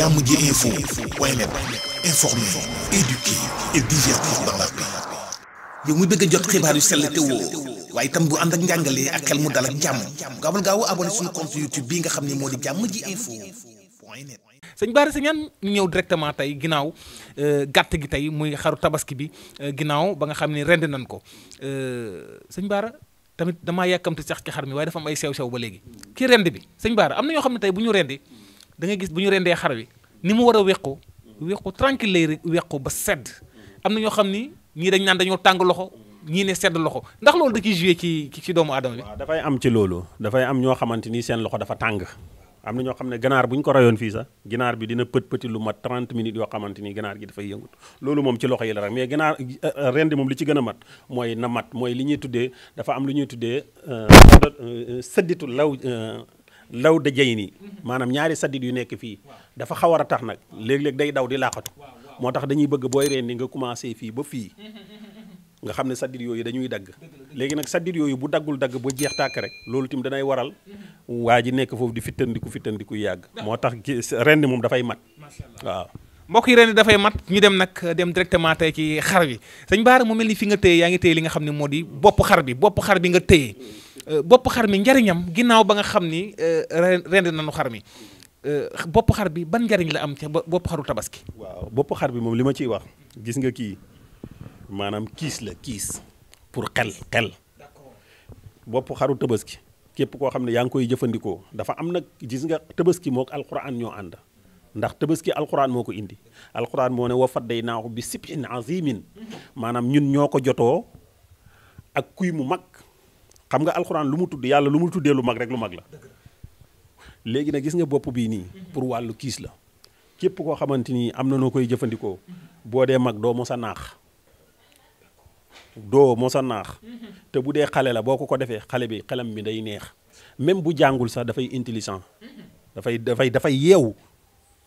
jàmm ji info point net informer, éduquer et divertir dans la paix. yow mi bëgg a jot xibaar yu sell te woo waaye itam bu ànd ak njàngalee ak xel mu dal ak jàmm gaawal gaaw abonné suñu compte YouTube bii nga xam ne moo di jàmm ji info point net. sëñ Bara Segnane ñu ñëw directement tey ginnaaw euh, gàtt gi tey muy xaru tabaski bi euh, ginnaaw ba nga xam ne rend nañ ko euh, sëñ Bara tamit damaa yàkkamti sax ci xar mi waaye dafa am ay sew sew ba léegi. ki rend bi sëñ Bara am na ñoo xam ne tey bu ñu rendi da ngay gis bu ñu rendee xar wi ni mu war a wequ wequ tranquille lay wequ ba sedd am na ñoo xam ni ñii dañ naan dañoo tàng loxo ñii ne sedd loxo ndax loolu da ciy joué ci doomu aadama bi. waaw dafay am ci loolu dafay am ñoo xamante ni seen loxo dafa tàng am na ñoo xam ne ganaar bu ñu ko rayoon fii sax ganaar bi dina pët pëti lu mat 30 minutes yoo xamante ni ganaar gi dafay yëngut loolu moom ci loxo yi la rek mais ganaar euh, euh, rendi moom lu ci gën a mat mooy na mat mooy li ñuy tuddee dafa am lu ñuy tuddee euh, sëdditu law law da jay nii maanaam ñaari saddit yu nekk fii dafa xaw a tax nag léeg-léeg day daw di laaxatu moo tax dañuy bëgg booy reen ni nga commencé fii ba fii nga xam ne saddit yooyu dañuy dagg léegi nag saddit yooyu bu daggul dagg ba jeex tàkk rek loolu tim danay waral waa ji nekk foofu di fittandiku fittandiku yàgg moo tax ren ni moom dafay mat waaw mbokk yi ren dafay mat ñu dem nag dem directement tey ci xar bi sëñ Baara mu mel ni fi nga téye yaa ngi téye li nga xam ne moo di bopp xar bi bopp xar bi nga téye Euh, bopp xar mi njariñam ginnaaw ba nga xam ni euh, rend nañu xar mi euh, bopp xar bi ban njariñ la am ca bopp xaru tabaski. waaw bopp xar bi moom li ma ciy wax gis nga kii maanaam kiis la kiis pour xel xel. bopp xaru tabaski képp koo xam ne yaa ngi koy jëfandikoo dafa am nag gis nga tabaski mook alxuraan ñoo ànd. ndax tabaski alxuraan moo ko indi alxuraan moo ne wa fadday naaxu bi sibhin azimin maanaam ñun ñoo ko jotoo ak kuy mu mag. xam nga alxuraan lu mu tudd yàlla lu mu tuddee lu mag rek lu mag la léegi nag gis nga bopp bii nii pour wàllu kiis la képp koo xamante ni am na noo koy jëfandikoo boo dee mag doo mos a naax doo mos a naax te bu dee xale la boo ko ko defee xale bi xelam bi day neex même bu jàngul sax dafay intelligent dafay dafay dafay yeewu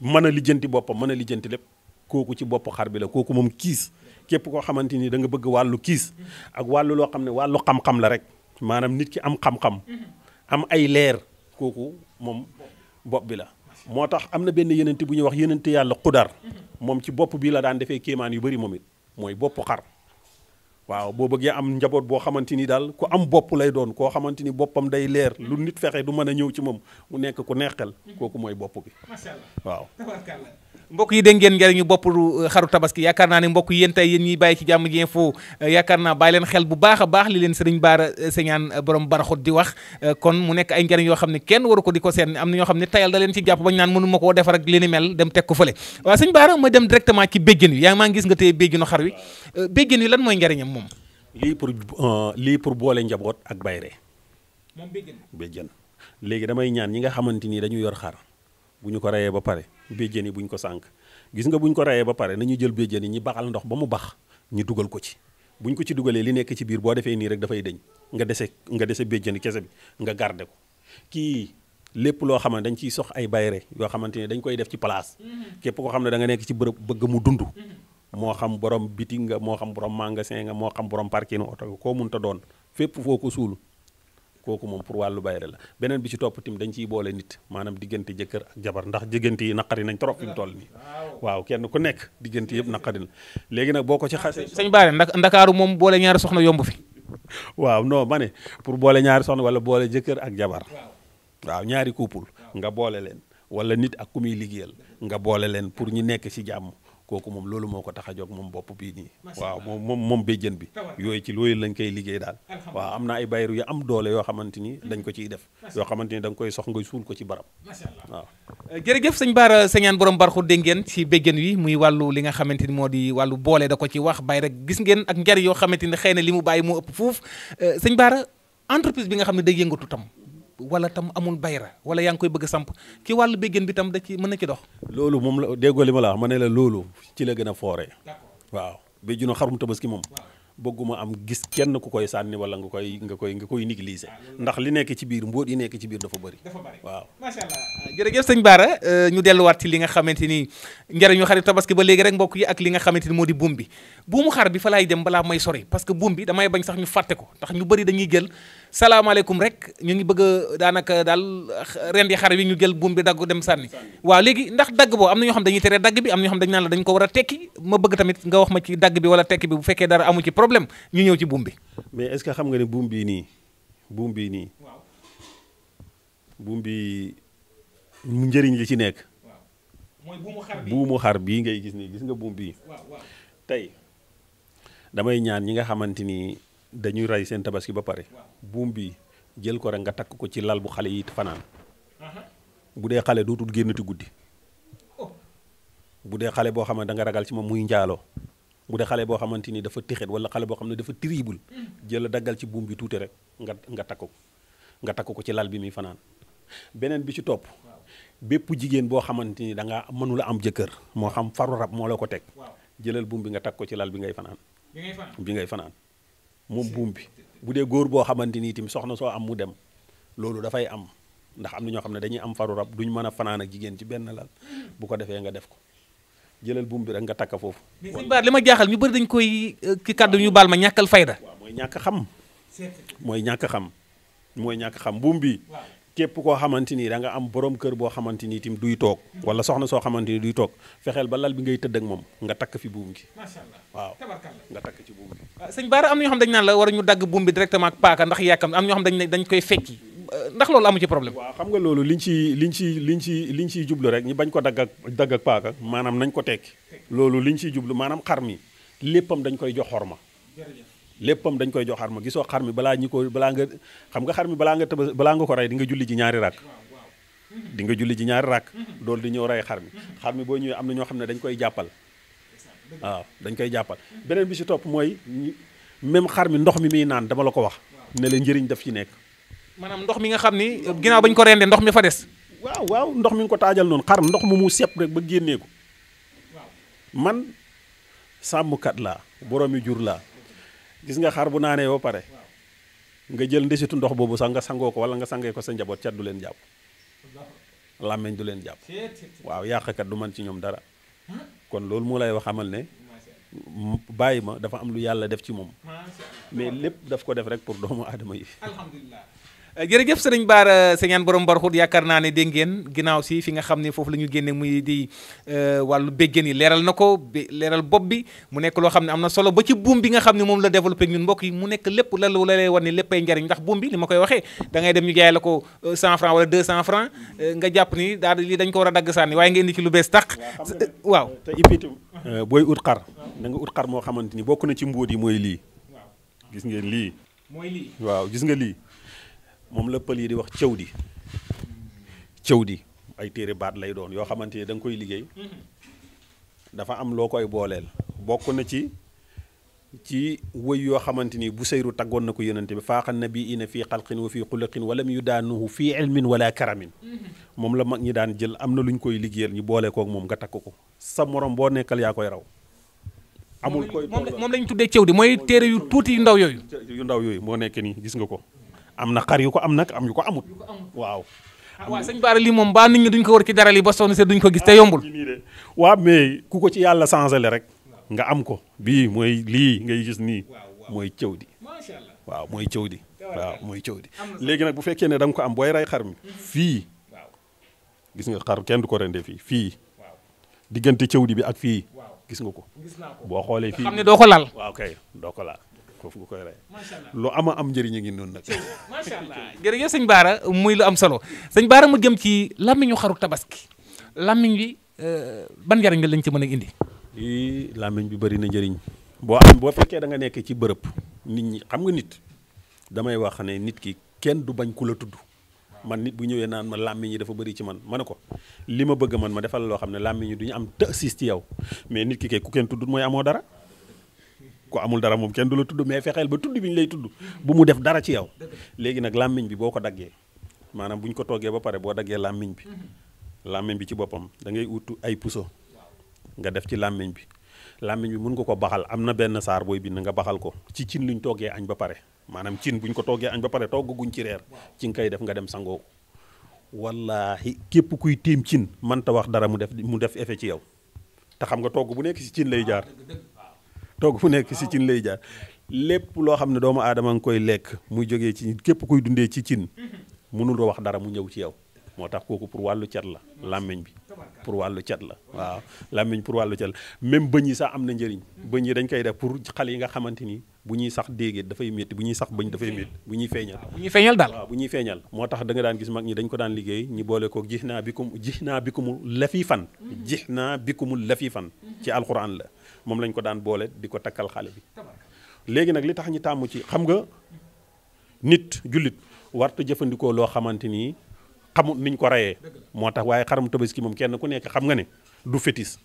mën a lijjanti boppam mën a lijjanti lépp kooku ci bopp xar bi la kooku moom kiis képp koo xamante ni danga bëgg wàllu kiis ak wàllu loo xam ne wàllu xam la rek maanaam nit ki am xam-xam am ay leer kooku moom bopp bi la moo tax am na benn yenente bu ñuy wax yenente yàlla xudar moom ci bopp bii la daan defee kéemaan yu bari moom it mooy bopp xar waaw boo bëggee am njaboot boo xamante ni daal ku am bopp lay doon koo xamante ni boppam day leer lu nit fexe du mën a ñëw ci moom mu nekk ku neexal kooku mooy bopp bi waaw mbokk yi dégg ngeen njëriñu bopp euh, xaru tabaski yaakaar naa ne mbokk yi yéen tey yéen bàyyi ci jàmm ji info euh, yaakaar naa bàyyi leen xel bu baax a baax li leen sëriñ baara euh, señaan borom baraxut di wax kon mu nekk ay njëriñ yoo xam ne kenn waru ko di ko seen am na ñoo xam ne tayal da leen ci jàpp bañ naan mënu ma koo defar ak li mel dem teg ko fële waaw sëñ baara ma dem directement ci béjjén wi yaa ngi maa ngi gis nga téye béjjénu xar wi béjjén wi lan mooy njëriñam moom lii pour lii pour boole njaboot ak bayre moom béjjén béjjén léegi damay ñaan ñi nga xamante nii dañu yor xar bu ñu ko rayee ba pare béjjén yi buñ ko sànq gis nga buñ ko rayee ba pare nañu jël béjjén ñi baxal ndox ba mu bax ñu dugal ko ci buñ ko ci dugalee li nekk ci biir boo defee nii rek dafay dëñ nga dese nga dese béjjén kese bi nga garde ko kii lépp loo xam ne dañ ciy ay bayre yoo xamante ne dañ koy def ci place mm-hmm. képp koo xam ne da nekk ci bërëb bëgg mu dund mm-hmm. moo xam borom biti nga moo xam borom magasin nga moo xam borom parking oto ko koo munta doon fépp foo ko suul kooku moom pour wàllu bayre la beneen bi ci topp tim dañ ciy boole nit maanaam diggante jëkkër ak jabar ndax diggante yi naqari nañ trop fi mu nii waaw kenn ku nekk diggante yëpp naqari léegi nag boo ko ci xasee sëñ Baare ndakaaru moom boole ñaari soxna yomb fi waaw non ma ne pour boole ñaari soxna wala boole jëkkër ak jabar waaw ñaari couple nga boole leen wala nit ak ku liggéeyal nga boole leen pour ñu nekk ci jàmm kooku moom loolu moo ko tax a jóg moom bopp bii nii waaw moom moom moom béjjën bi yooyu ci looyu lañ koy liggéey daal waaw am na ay bayru yu am doole yoo xamante ni dañ ko ciy def yoo xamante ni da koy sox nga suul ko ci barab waaw euh, jërëjëf sëñ Bara Sagnane borom barxu dégg ngeen ci béjjën wi muy wàllu li nga xamante ni moo di wàllu boole da ko ci wax bay rek gis ngeen ak njariñ yoo xamante ni xëy na li mu bàyyi moo ëpp foofu euh, sëñ Bara entreprise bi nga xam ne day yëngatu tam wala tam amul bayra wala yaa ngi koy bëgg samp ki wàllu béggéen bi tam da ci mën na ci dox loolu moom la déggoo li ma la wax ma ne la loolu ci la gën a foore waaw bi junu xarum tabaski moom bëgguma am gis kenn ku koy sànni wala nga koy nga koy nga koy négliger ah, ndax li nekk ci biir mbóot yi nekk ci biir dafa bëri waaw macha allah jërëjëf sëñ Bara euh, ñu delluwaat ci li nga xamante ni njëriñu xarit tabaski ba léegi rek mbokk yi ak li nga xamante ni moo di buum bi buumu fa laay dem balaa may sori parce que buum bi damay bañ sax ñu fàtte ko ndax ñu bëri dañuy jël salaamaaleykum rek ñu ngi bëgg daanaka daal ren di xar wi ñu jël buum bi dagg dem sànni waaw léegi ndax dagg boo am na ñoo xam dañuy tere dagg bi am na ñoo xam dañu dañ ko war a tekki ma bëgg tamit nga wax ma ci dagg bi wala tekki bi bu fekkee dara amu ci problème ñu ñëw ci buum bi mais est-ce que xam nga ne buum bii nii buum bii bi njëriñ li ci nekk mooy buumu xar bii ngay gis nii gis nga buum bii tey damay ñaan ñi nga xamante ni dañuy rey seen tabaski ba pare buum bi jël ko rek nga takk ko ci lal bu xale yi fanaan uh-huh. bu dee xale dootul génnati guddi oh. bu dee xale boo xam ne da ragal ci moom muy njaaloo bu dee xale boo xamante ni dafa tixet wala xale boo xam ne dafa terrible mm. jël daggal ci buum bi tuuti rek nga nga takk ko nga takk ko ci lal bi muy fanaan beneen bi ci topp bépp jigéen boo xamante ni da nga mënula am jëkkër moo xam faru rab moo la ko teg jëlal buum bi nga takk ko ci lal bi ngay fanaan moom buum bi bu dee góor boo xamante ni itam soxna soo am mu dem loolu dafay am ndax am na ñoo xam ne dañuy am faru rab duñ mën a fanaan ak jigéen ci benn lal bu ko defee nga def ko jëlal buum bi rek nga takka foofu. mais sëñ Bara li ma jaaxal ñu bëri dañ koy euh, ki kàddu ñu baal ma ñàkkal fayda. mooy ñàkk xam. mooy ñàkk xam mooy ñàkk xam buum bi képp koo xamante ni da nga am boroom kër boo xamante ni itam duy toog wala soxna soo xamante ni duy toog fexeel ba lal bi ngay tëdd ak moom nga takk fi buum gi. macha allah waaw takk ci buum gi. Ah, Baara am na ñoo xam dañ naan la war ñu dagg buum bi directement ak paaka ndax yàkkam am na ñoo xam dañ dañ koy fekki ah, ndax loolu amu ci problème. waaw xam nga loolu liñ ci liñ ci liñ ci liñ ciy jublu rek ñi bañ ko dagg ak paaka maanaam nañ ko tekki. loolu liñ ciy jublu maanaam xar mi léppam dañ koy jox xorma. léppam dañ koy jox xar ma xar mi balaa ñi ko balaa nga xam nga xar mi balaa nga tëb balaa nga ko rey di nga julli ji ñaari rakk di nga julli ji ñaari rakk dool di ñëw rey xar mi xar mi boo ñëwee am na ñoo xam ne dañ koy jàppal waaw dañ koy jàppal beneen bi si topp mooy même xar mi ndox mi muy naan dama la ko wax ne la njëriñ daf ci nekk maanaam ndox mi nga xam ni ginnaaw bañ ko rendee ndox mi fa des waaw waaw ndox mi nga ko taajal noonu xar ndox mu mu sepp rek ba génnee ko man sàmmkat laa boroomi jur laa gis nga xar bu naanee ba pare nga jël ndesitu ndox boobu sax nga sangoo ko wala nga sangee ko sa njaboot cat du leen jàpp làmmeñ du leen jàpp waaw yàqkat du man ci ñoom dara kon loolu moo lay wax xamal ne bàyyi ma dafa am lu yàlla def ci moom mais lépp daf ko def rek pour doomu aadama yi alhamdulilah jërëjëf sëriñ Baara Segnane borom Barxut yaakaar naa ne dégg ngeen ginnaaw si fi nga xam ne foofu la ñu génne muy di euh, wàllu béggéen yi leeral na ko leeral bopp bi mu nekk loo xam ne am na solo ba ci buum bi nga xam ne moom la développé ak ñun mbokk yi mu nekk lépp la la lay wan ne lépp ay njariñ ndax buum bi li ma koy waxee da ngay dem ñu jaay la ko 100 euh, francs wala 200 francs euh, nga jàpp ni daal lii dañ ko war a dagg sànni waaye nga indi ci lu bees tàq waaw te ipitu booy ut xar da nga ut xar moo xamante ni bokk na ci mbóot yi mooy lii gis ngeen lii mooy lii waaw gis nga lii moom la pël yi di wax cëw di cëw di ay téere baat lay doon yoo xamante ni danga koy liggéey dafa am loo koy booleel bokk na ci ci wëy yoo xamante ni bu sayru taggoon na ko yonente bi faaxan na bi ina fii xalqin wa fii xulaqin walam yu daanuhu fii ilmin wala karamin moom la mag ñi daan jël am na lu ñu koy liggéeyal ñu boole kook moom nga takk ko sa morom boo nekkal yaa koy raw amul koy moom lañ tuddee cëw di mooy téere yu tuuti yu ndaw yooyu yu ndaw yooyu moo nekk nii gis nga ko am na xar yu ko am nag am yu ko amut waaw ah, waaw sëñ Bara lii moom baa nit ñi duñ ko war ci dara li ba sonn se duñ ko gis te yombul waaw mais ku ko ci yàlla changé rek nga am ko bii mooy lii ngay gis nii mooy cëw di waaw mooy cëw di mooy cëw di léegi nag bu fekkee ne da ko am booy ray xar mi mm-hmm. fii gis nga xar kenn du ko rende fii fii cëw di bi ak fii gis nga ko boo xoolee fii am ne doo ko lal doo ko laal foofu nga koy rey lu ama am njëriñ a ngi noonu nag macha allah jërëjëf sëñ Baara muy lu am solo sañ Baara mu jëm ci làmmiñu xaru tabaski làmmiñ bi euh, ban njëriñ lañ ci mën a indi i làmmiñ bi bari na njëriñ boo am boo fekkee da nga nekk ci bërëb nit ñi xam nga nit damay wax ne nit ki kenn du bañ ku la tudd man nit bu ñëwee naan ma làmmiñ yi dafa bëri ci man ma ne ko li ma bëgg man ma defal loo xam ne làmmiñ yi duñu ñu am tësis ci yow mais nit ki kay ku kenn tudd mooy amoo dara ko amul dara moom kenn du la tudd mais fexeel ba tudd bi ñu lay tudd bu mu def dara ci yow léegi nag làmmiñ bi boo ko daggee maanaam bu ñu ko toggee ba pare boo daggee làmmiñ bi làmmiñ bi ci boppam da ngay ut ay puso nga def ci làmmiñ bi làmmiñ bi mun nga ko baxal am na benn saar booy bind nga baxal ko ci cin luñ toggee añ ba pare maanaam cin bu buñ ko toggee añ ba pare toggaguñ ci reer ci nga koy def nga dem sangoo wallaahi képp kuy tiim cin mënta wax dara mu def mu def effet ci yow te xam nga togg bu nekk si cin lay jaar ah, togg fu nekk si cin lay jaar lépp loo xam ne doomu aadama nga koy lekk muy jógee ci képp kuy dundee ci cin mënul wax dara mu ñëw ci yow moo tax kooku pour wàllu cet la làmmiñ bi pour wàllu cat la waaw làmmiñ pour wàllu cat même bëñ yi sax am na njëriñ bëñ yi dañ koy def pour xale yi nga xamante bu ñuy sax déegéet dafay métti bu ñuy sax bëñ dafay métti bu ñuy feeñal bu ñuy feeñal daal bu ñuy feeñal moo tax da nga daan gis mag ñi dañ ko daan liggéey ñu boole ko jix naa bikum jix naa bikumul lafifan mm-hmm. jix naa bikumul lafifan ci alquran la moom lañ ko daan boole di ko takkal xale bi léegi nag li tax ñu tàmm ci xam nga nit jullit wartu jëfandikoo loo xamante ni xamut niñ ko reyee moo tax waaye xarum tabaski moom kenn ku nekk xam nga ne du fétis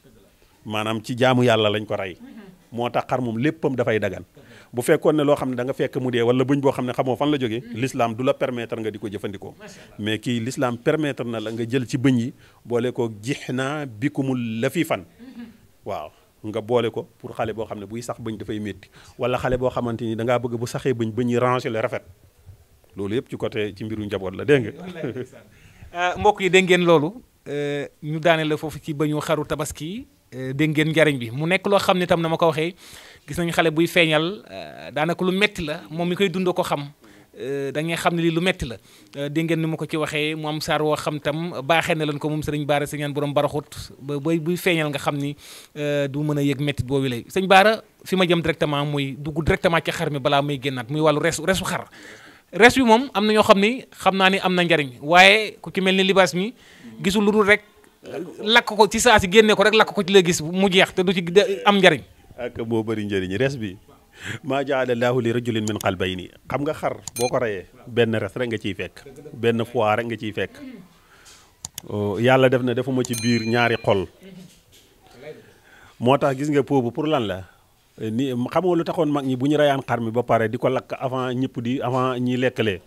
maanaam ci jaamu yàlla lañ ko rey mm-hmm. moo tax xar moom léppam dafay dagan bu fekkoon ne loo xam ne da nga fekk mu dee wala buñ boo xam ne xamoo fan la jógee mm-hmm. l'islam du la permettre nga di ko jëfandikoo mais kii l'islam permettre na la nga jël ci bëñ yi boole ko jix naa bikumul la fii fan mm-hmm. nga boole ko pour xale boo xam ne buy sax bëñ dafay métti wala xale boo xamante ni da ngaa bëgg bu saxee bëñ bëñ yi rangé le rafet loolu yëpp ci côté ci mbiru njaboot la dégg euh, mbokk yi dégg ngeen loolu euh, ñu daane la foofu ci bëñu xaru tabaski euh, dégg ngeen njariñ bi mu nekk loo xam ne tam na ma ko waxee gis nañu xale buy feeñal daanaka lu metti la moom mi koy dund ko xam. Euh, da ngay xam ne lii lu metti la euh, dégg ni ma ko ci waxee mu am saar woo xam tam baaxee na leen ko moom sëriñ Baara sëñ ñaan borom baraxut ba bay buy feeñal nga xam ni euh, du mën a yëg métti boobu lay sañ Baara fi ma jëm directement muy dugg directement ci xar mi balaa muy génnaat muy wàllu resu resu xar res bi moom am na ñoo xam ni xam naa ni am na njariñ waaye ku ci mel ni libaas mi gisul lu dul rek lakk ko ci saa si génnee ko rek lakk ko ci la gis mu jeex te du ci am njariñ ak moo maa jaala laahu li rajulin min nii xam nga xar boo ko reyee benn res rek nga ciy fekk benn foie rek nga ciy fekk oh, yàlla def na defuma ci biir ñaari xol moo tax gis nga poobu pour lan la ni xamoo lu taxoon mag ñi bu ñu reyaan xar mi ba pare di ko lakk avant ñëpp di avant ñi lekkalee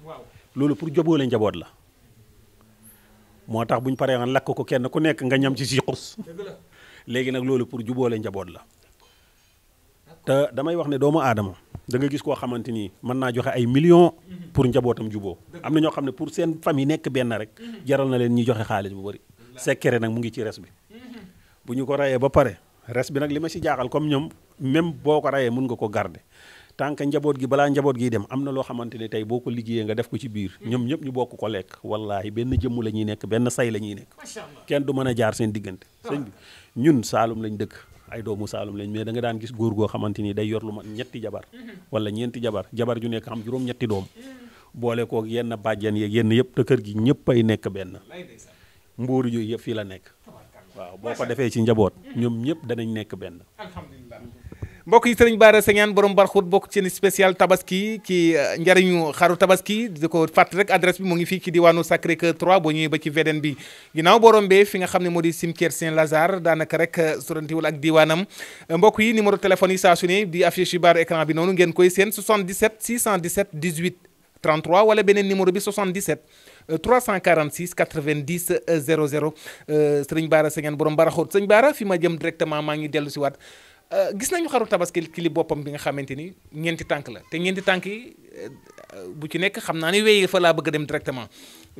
loolu pour la njaboot la moo tax bu ñu paree lakk ko kenn ku nekk nga ñam ci si xus léegi nag loolu pour juboo juboole njaboot la te damay wax ne doomu aadama da nga gis koo xamante ni mën naa joxe ay millions pour njabootam juboo am na ñoo xam ne pour seen famille nekk benn rek jaral na leen ñi joxe xaalis bu bari sekkere nag mu ngi ci res bi bu ñu ko rayee ba pare res bi nag li ma si jaaxal comme ñoom même boo ko rayee mun nga ko garder tant que njaboot gi balaa njaboot gi dem am na loo xamante ne tey boo ko liggéeyee nga def ko ci biir ñoom ñëp ñu bokk ko lekk wallaahi benn jëmm la ñuy nekk benn say la ñuy nekk kenn du mën a jaar seen diggante sëñ ñun Saalum lañ dëkk ay doomu saalum lañ mais da nga daan gis góor goo xamante ni day yor lu ma ñetti jabar wala ñeenti jabar jabar ju nekk xam juróom-ñetti doom boole kook yenn bàjjen yeeg yenn yëpp te kër gi ñëpp ay nekk benn mbóoru yooyu yëpp fii la nekk waaw boo ko defee ci njaboot ñoom ñëpp danañ nekk benn mbokk yi sëriñ Bara Sagnane borom barxut bokk ci spécial tabaski ci euh, njariñu xaru tabaski di ko fàtt rek adresse bi mu ngi fii ci diwaanu Sacré Cœur 3 boo ñëwee ba ci VDN bi ginnaaw borom bee fi nga xam ne moo di cimetière Saint-Lazare daanaka rek euh, sorantiwul ak diwaanam euh, mbokk yi numéro téléphone yi saa su ne di affiché ci barre écran bi noonu ngeen koy seen 77 617 18 33 wala beneen numéro bi 77 346 90 00 sëriñ Bara Sagnane borom baraxut sëriñ Bara fi ma jëm directement maa ngi dellu si Euh, gis nañu xaru tabaski kili boppam bi nga xamante ni ñeenti tànk la te ñeenti tànk yi euh, bu ci nekk xam naa ni wéy fa laa bëgg a dem directement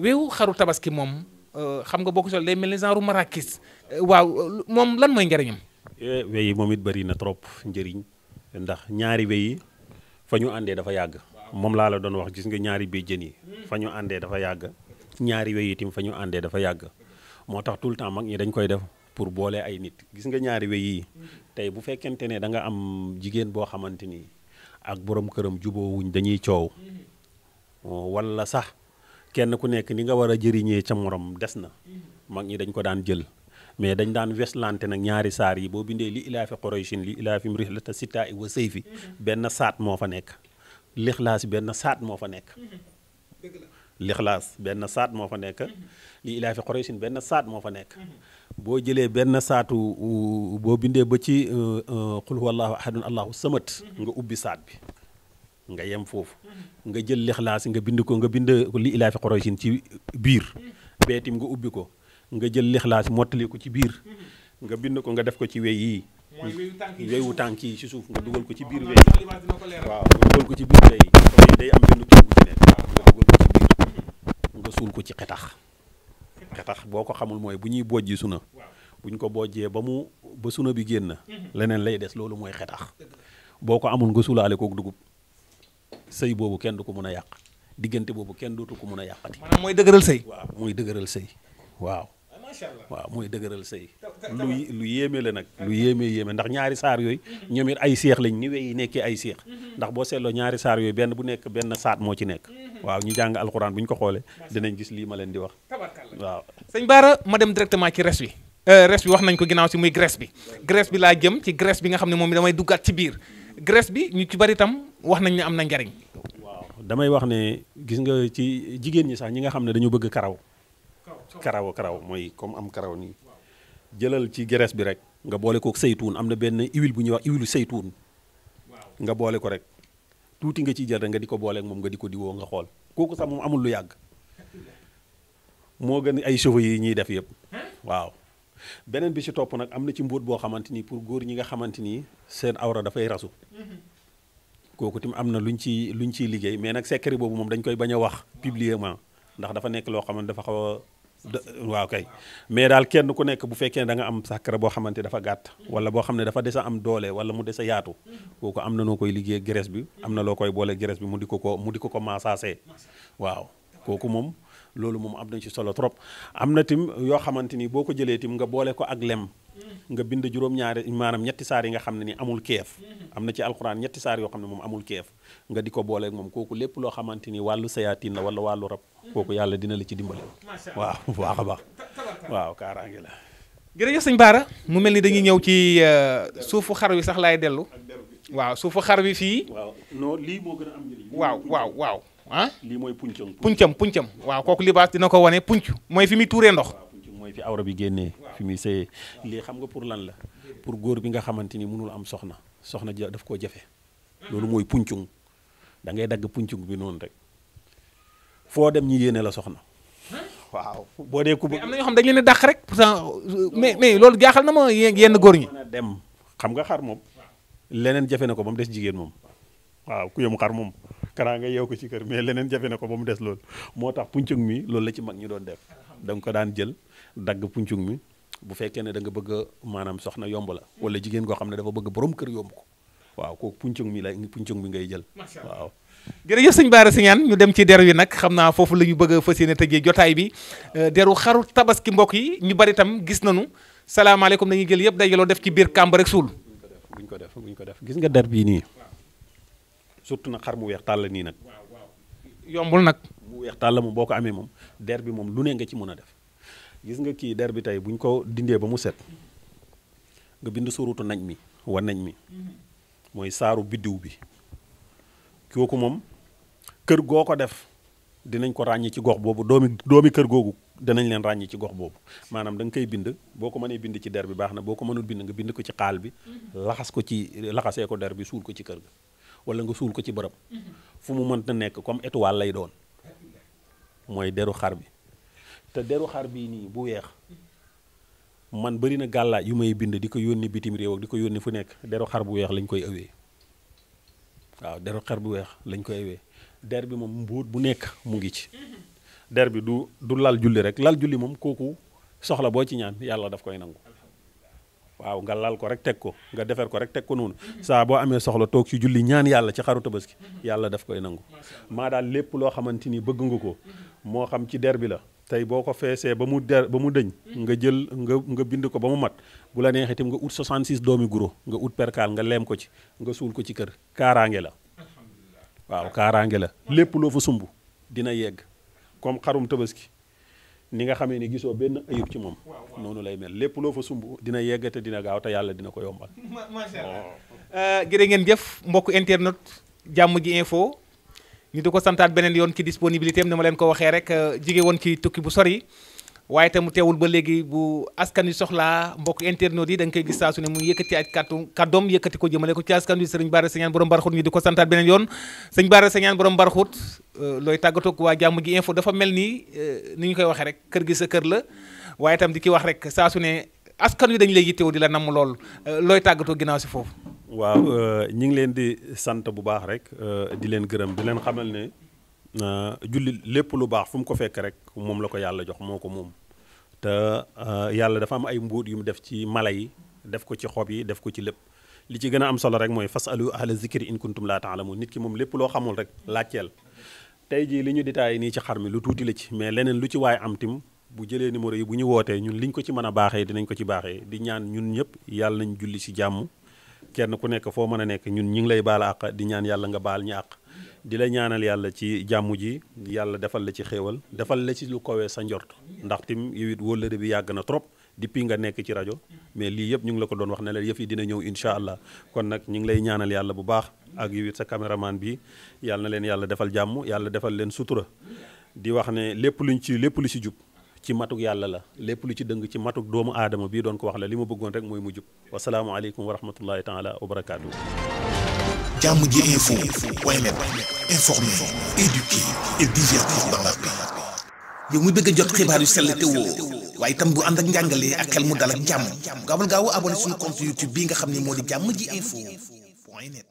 wéewu xaru tabaski moom euh, xam nga boo ko sol day mel ni genre marakis waaw moom lan mooy njëriñam. Eh, wéy moom it bëri na trop njëriñ ndax ñaari wéy yi fa ñu àndee dafa yàgg moom laa la doon wax gis nga ñaari béy jën yi fa ñu àndee dafa yàgg ñaari wéy itam fa ñu àndee dafa yàgg moo tax tout le temps mag ñi dañ koy def. pour boole ay nit gis nga ñaari we yi mm-hmm. tey bu fekkente ne da nga am jigéen boo xamante ni ak boroom këram juboowuñ dañuy coow mm-hmm. oh, walla sax kenn ku nekk ni nga war a jëriñee ca moroom des na mm-hmm. mag ñi dañ ko daan jël mais dañ daan weslante nag ñaari saar yi boo bindee li ilaafi qurayshin li ilaafim rihlata sitaa i wa sayfi benn saat moo fa nekk lixlaas benn saat moo fa nekk lixlaas benn saat moo fa nekk li ilaafi qurayshin benn saat moo fa nekk boo jëlee benn saatu euh, boo bindee ba ci xul euh, euh, huwallaahu ahadun allahu samat nga ubbi saat bi nga yem foofu nga jël lixlaas nga bind ko nga bind ci biir nga ubbi ko nga jël lixlaas mottali ko ci biir nga bind ko nga def ko ci wey yii weyu tànk yi ci suuf nga dugal ko ci biir wey waaw nga dugal ko ci biir wey yi nga dugal nga suul ko ci xetax xetax boo ko xamul mooy bu ñuy bojji suna bu ñu ko bojjee ba mu ba suna bi génn mhm. leneen lay des loolu mooy xetax boo ko amul nga sulaale kook dugub sëy boobu kenn du ko mën a yàq diggante boobu kenn dootu ko mën a yàqati. mooy dëgëral sëy. waaw mooy dëgëral sëy waaw. waaw mooy dëgëral sëy lu lu yéeme la nag lu yéeme yéeme ndax ñaari saar yooyu mhm. ñoom it ay seex lañ ni weyi nekkee ay seex mhm. ndax boo seetloo ñaari saar yooyu benn bu nekk benn saat moo ci nekk mhm. waaw ñu jàng alxuraan bu ñu ko xoolee dinañ gis lii ma leen di wax waaw sëñ Baara ma dem directement ci res bi euh, res bi wax nañ ko ginnaaw si muy graisse bi graisse bi laa jëm ci graisse bi nga xam ne moom damay duggaat ci biir graisse bi ñu ci bari itam wax nañ ne am na njariñ damay wax ne gis nga ci jigéen ñi sax ñi nga xam ne dañu bëgg karaw karaw karaw mooy comme am karaw nii jëlal ci graisse bi rek nga boole ko saytuun am na benn huile bu ñuy wax huile saytuun nga boole ko rek tuuti nga ciy jël rek nga di ko booleek moom nga di ko diwoo nga xool kooku sax moom amul lu yàgg moo gën ay cheveux yi ñuy def yëpp waaw beneen bi ci topp nag am na ci mbóot boo xamante ni pour góor ñi nga xamante ni seen awra dafay rasu kooku tim am na luñ ci luñ ciy liggéey mais nag secret boobu moom dañ koy bañ a wax publiquement ndax dafa loo xamante a waaw kay mais daal kenn ku nekk bu fekkee ne da am sàkkara boo xamante dafa gàtt wala boo xam ne dafa des am doole wala mu dese a yaatu kooku am na noo koy liggéey graisse bi am na loo koy boole graisse bi mu di ko ko mu di ko ko waaw kooku moom loolu moom am na ci solo trop am na tim yoo xamante ni boo ko jëlee tim nga boole ko ak lem nga bind juróom-ñaari maanaam ñetti saar yi nga xam ne ni amul keef am na ci alxuraan ñetti saar yoo xam ne moom amul keef nga di ko booleeg moom kooku lépp loo xamante ni wàllu sayaatin la wala wàllu rab kooku yàlla dina la ci dimbale waaw bu baax a baax waaw kaaraange la jërëjëf Baara mu mel ni dañuy ñëw ci euh, suufu xar wi sax laay dellu waaw suufu xar wi fii waaw lii moo gën a am njëriñ waaw waaw waaw ah lii mooy libaas dina ko wane punc mooy fi muy tuuree ndox mooy fi awra bi génnee fi muy lii xam nga pour lan la pour góor bi nga xamante ni mënul am soxna soxna ja daf koo jafe loolu mooy puncung da ngay dagg puncung bi noonu rek foo dem ñu yéene la soxna waaw boo dee ku bëgg am na ñoo xam dañ leen a dàq rek pourtant euh, mais mais loolu jaaxal na ma yenn góor dem xam nga xar moom leneen jafe na ko ba mu des jigéen moom waaw ku yem xar moom karaa nga yeew ko ci kër mais leneen jafe na ko ba mu des loolu moo tax puncung mi loolu la ci mag ñu doon def da ko daan jël dagg puncung mi bu fekkee ne danga bëgg maanaam soxna yomb la wala jigéen koo xam ne dafa bëgg borom kër yomb ko waaw kooku puncung mi lay puncung mi ngay jël waaw jërëjëf sëñ Bara Signane ñu dem ci der wi nag xam naa foofu la ñu bëgg a fas yéene tëjee jotaay bi euh, deru xaru tabaski mbokk yi ñu bari tam gis nañu salaamaaleykum dañuy jël yëpp dajaloo def ci biir kàmb rek suul buñ ko def buñ ko def gis nga der bii nii surtout na xar mu weex tàll nii nag yombul nag mu weex tàll moom boo ko amee moom der bi moom lu ne nga ci mën a def gis nga kii der bi tey buñ ko dindee ba mu set nga bind surutu nañ mi wa nañ mi mooy saaru biddiw bi kooku moom kër goo ko def dinañ ko ràññi ci gox boobu doomi doomi kër googu danañ leen ràññ ci gox boobu maanaam danga koy bind boo ko mënee bind ci der bi baax na boo ko mënul bind nga bind ko ci xaal bi laxas ko ci laxasee ko der bi suul ko ci kër ga wala nga suul ko ci bërëb fu mu mënta nekk comme étoile lay doon mooy deru xar bi te deru xar bii nii bu weex man bëri na gàllaaj yu may bind di ko yónni bitim réew ak di ko yónni fu nekk deru xar bu weex lañ koy awee waaw deru xar bu weex lañ koy ëwee der bi moom mbuut bu nekk mu ngi ci der bi du du lal julli rek lal julli moom kooku soxla boo ci ñaan yàlla daf koy nangu waaw nga lal ko rek teg ko nga defar ko rek teg ko noonu saa boo amee soxla toog ci julli ñaan yàlla ci xaru tabaski yàlla daf koy nangu maa daal lépp loo xamante ni bëgg nga ko moo xam ci der bi la tey boo ko feesee ba mu der ba mu dëñ hmm. nga jël nga nga bind ko ba mu mat bu la neex itam nga ut 66 doomi guro nga ut perkaal nga leem ko ci nga suul ko ci kër kaaraange la waaw kaaraange la lépp loo fa sumb dina yegg comme xarum tabaski ni nga xamee ni gisoo benn ayib ci moom noonu lay mel lépp loo fa sumb dina yegg te dina gaaw te yàlla dina ko yombal. macha allah oh. euh, ngeen jëf mbokk internet jàmm ji info. ñu di ko santaat beneen yoon ci disponibilité am ma leen ko waxee rek euh, jige woon ci tukki bu sori waaye itam teewul ba léegi bu askan wi soxlaa mbokk internet yi da koy gis saa su ne muy yëkkati ay kàddu kàddoom yëkkati ko jëmale ko ci askan wi sëriñ Bara Segnane borom Barxut ñu di ko santaat beneen yoon sëriñ Bara Segnane borom Barxut euh, looy waa jàmm ji info dafa mel ni euh, ni ñu koy waxee rek kër gi sa kër la waaye itam di ki wax rek saa su ne askan wi dañ léegi yittewoo di la namm lool looy tàggatoo ginnaaw si foofu waaw euh, ñi ngi leen di sant bu baax rek euh, di leen gërëm di leen xamal ne euh, julli lépp lu baax fu mu ko fekk rek moom la ko yàlla jox moo ko moom te yàlla dafa am ay mbóot yu mu def ci mala yi def ko ci xob yi def ko ci lépp li ci gën a am solo rek mooy fasalu ahla zikri in kuntum laa taalamuun nit ki moom lépp loo xamul rek laajteel tey jii li ñu détaillé nii ci xar mi lu tuuti la ci mais leneen lu ci waay am tim bu jëlee numéro yi bu ñu wootee ñun liñ ko ci mën a baaxee dinañ ko ci baaxee di ñaan ñun ñëpp yàlla nañ julli ci jàmm kenn ku nekk foo mën a nekk ñun ñu ngi lay baal àq di ñaan yàlla nga baal ñu àq di la ñaanal yàlla ci jàmm ji yàlla defal la ci xéewal defal la ci lu kowee sa njort ndax tim yow it wóllëre bi yàgg na trop depuis nga nekk ci rajo mais lii yëpp ñu ngi la ko doon wax ne leen yëf yi dina ñëw incha allah kon nag ñu ngi lay ñaanal yàlla bu baax ak yow sa caméraman bi yàlla na leen yàlla defal jàmm yàlla defal leen sutura di wax ne lépp luñ ci lépp lu ci jub ci matuk yàlla la lépp lu ci dëng ci matuk doomu aadama bii doon ko wax la li ma bëggoon rek mooy mu jub wasalaamualeykum wa rahmatullahi taala wa barakaatu. jàmm ji info point net informer, éduquer et divertir dans la paix. yow mi bëgg a jot xibaar yu sell te woo waaye itam bu ànd ak njàngalee ak xel mu dal ak jàmm gaawal gaaw abonné suñu compte YouTube bii nga xam ne moo di jàmm ji info